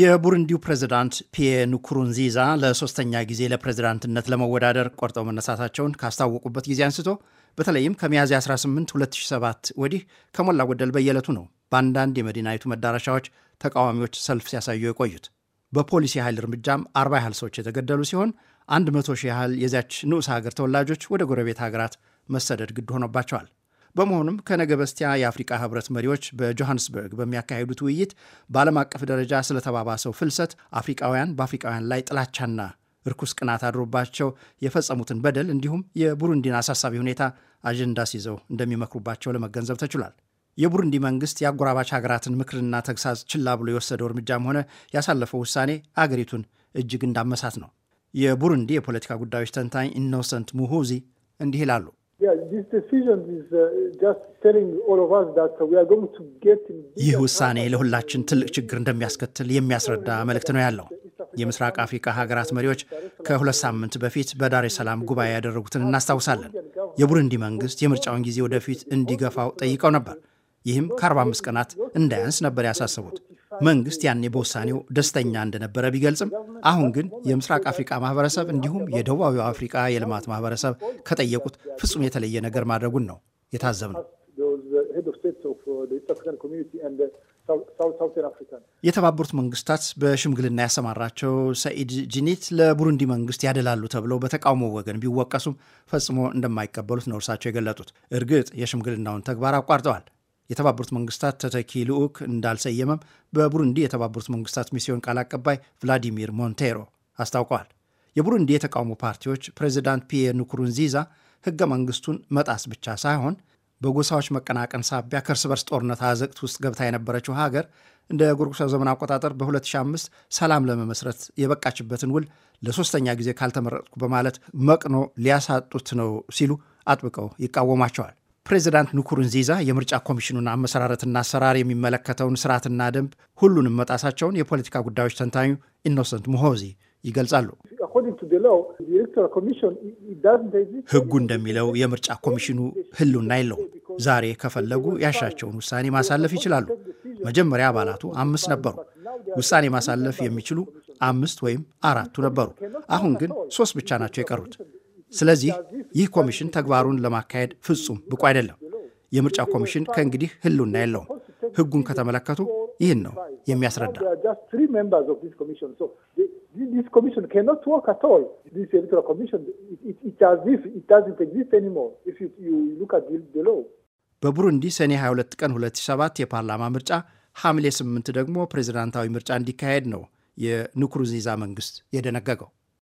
የቡሩንዲው ፕሬዝዳንት ፒዬ ንኩሩንዚዛ ለሶስተኛ ጊዜ ለፕሬዝዳንትነት ለመወዳደር ቆርጠው መነሳታቸውን ካስታወቁበት ጊዜ አንስቶ በተለይም ከሚያዝያ 18 2007 ወዲህ ከሞላ ጎደል በየዕለቱ ነው በአንዳንድ የመዲናይቱ መዳረሻዎች ተቃዋሚዎች ሰልፍ ሲያሳዩ የቆዩት። በፖሊሲ ኃይል እርምጃም 40 ያህል ሰዎች የተገደሉ ሲሆን 100 ሺህ ያህል የዚያች ንዑስ ሀገር ተወላጆች ወደ ጎረቤት ሀገራት መሰደድ ግድ ሆኖባቸዋል። በመሆኑም ከነገ በስቲያ የአፍሪቃ ህብረት መሪዎች በጆሃንስበርግ በሚያካሄዱት ውይይት በዓለም አቀፍ ደረጃ ስለተባባሰው ፍልሰት አፍሪቃውያን በአፍሪቃውያን ላይ ጥላቻና እርኩስ ቅናት አድሮባቸው የፈጸሙትን በደል እንዲሁም የቡሩንዲን አሳሳቢ ሁኔታ አጀንዳ ሲይዘው እንደሚመክሩባቸው ለመገንዘብ ተችሏል። የቡሩንዲ መንግስት የአጎራባች ሀገራትን ምክርና ተግሳጽ ችላ ብሎ የወሰደው እርምጃም ሆነ ያሳለፈው ውሳኔ አገሪቱን እጅግ እንዳመሳት ነው። የቡሩንዲ የፖለቲካ ጉዳዮች ተንታኝ ኢኖሰንት ሙሁዚ እንዲህ ይላሉ። Uh, ይህ ውሳኔ ለሁላችን ትልቅ ችግር እንደሚያስከትል የሚያስረዳ መልእክት ነው ያለው። የምስራቅ አፍሪካ ሀገራት መሪዎች ከሁለት ሳምንት በፊት በዳሬ ሰላም ጉባኤ ያደረጉትን እናስታውሳለን። የቡሩንዲ መንግስት የምርጫውን ጊዜ ወደፊት እንዲገፋው ጠይቀው ነበር። ይህም ከ45 ቀናት እንዳያንስ ነበር ያሳሰቡት። መንግስት ያኔ በውሳኔው ደስተኛ እንደነበረ ቢገልጽም አሁን ግን የምስራቅ አፍሪካ ማህበረሰብ እንዲሁም የደቡባዊ አፍሪካ የልማት ማህበረሰብ ከጠየቁት ፍጹም የተለየ ነገር ማድረጉን ነው ነው። የተባበሩት መንግስታት በሽምግልና ያሰማራቸው ሰኢድ ጂኒት ለቡሩንዲ መንግስት ያደላሉ ተብለው በተቃውሞ ወገን ቢወቀሱም ፈጽሞ እንደማይቀበሉት ነው እርሳቸው የገለጡት። እርግጥ የሽምግልናውን ተግባር አቋርጠዋል። የተባበሩት መንግስታት ተተኪ ልዑክ እንዳልሰየመም በቡሩንዲ የተባበሩት መንግስታት ሚስዮን ቃል አቀባይ ቭላዲሚር ሞንቴሮ አስታውቀዋል። የቡሩንዲ የተቃውሞ ፓርቲዎች ፕሬዚዳንት ፒየር ንኩሩንዚዛ ህገ መንግስቱን መጣስ ብቻ ሳይሆን በጎሳዎች መቀናቀን ሳቢያ ከእርስ በርስ ጦርነት አዘቅት ውስጥ ገብታ የነበረችው ሀገር እንደ ጎርጎሳዊ ዘመን አቆጣጠር በ2005 ሰላም ለመመስረት የበቃችበትን ውል ለሶስተኛ ጊዜ ካልተመረጥኩ በማለት መቅኖ ሊያሳጡት ነው ሲሉ አጥብቀው ይቃወማቸዋል። ፕሬዚዳንት ንኩሩንዚዛ የምርጫ ኮሚሽኑን አመሰራረትና አሰራር የሚመለከተውን ስርዓትና ደንብ ሁሉንም መጣሳቸውን የፖለቲካ ጉዳዮች ተንታኙ ኢኖሰንት ሙሆዚ ይገልጻሉ። ህጉ እንደሚለው የምርጫ ኮሚሽኑ ህልውና የለውም። ዛሬ ከፈለጉ ያሻቸውን ውሳኔ ማሳለፍ ይችላሉ። መጀመሪያ አባላቱ አምስት ነበሩ። ውሳኔ ማሳለፍ የሚችሉ አምስት ወይም አራቱ ነበሩ። አሁን ግን ሶስት ብቻ ናቸው የቀሩት። ስለዚህ ይህ ኮሚሽን ተግባሩን ለማካሄድ ፍጹም ብቁ አይደለም። የምርጫ ኮሚሽን ከእንግዲህ ሕልውና የለውም። ህጉን ከተመለከቱ ይህን ነው የሚያስረዳ። በቡሩንዲ ሰኔ 22 ቀን 2007 የፓርላማ ምርጫ፣ ሐምሌ 8 ደግሞ ፕሬዚዳንታዊ ምርጫ እንዲካሄድ ነው የንኩሩንዚዛ መንግስት የደነገገው።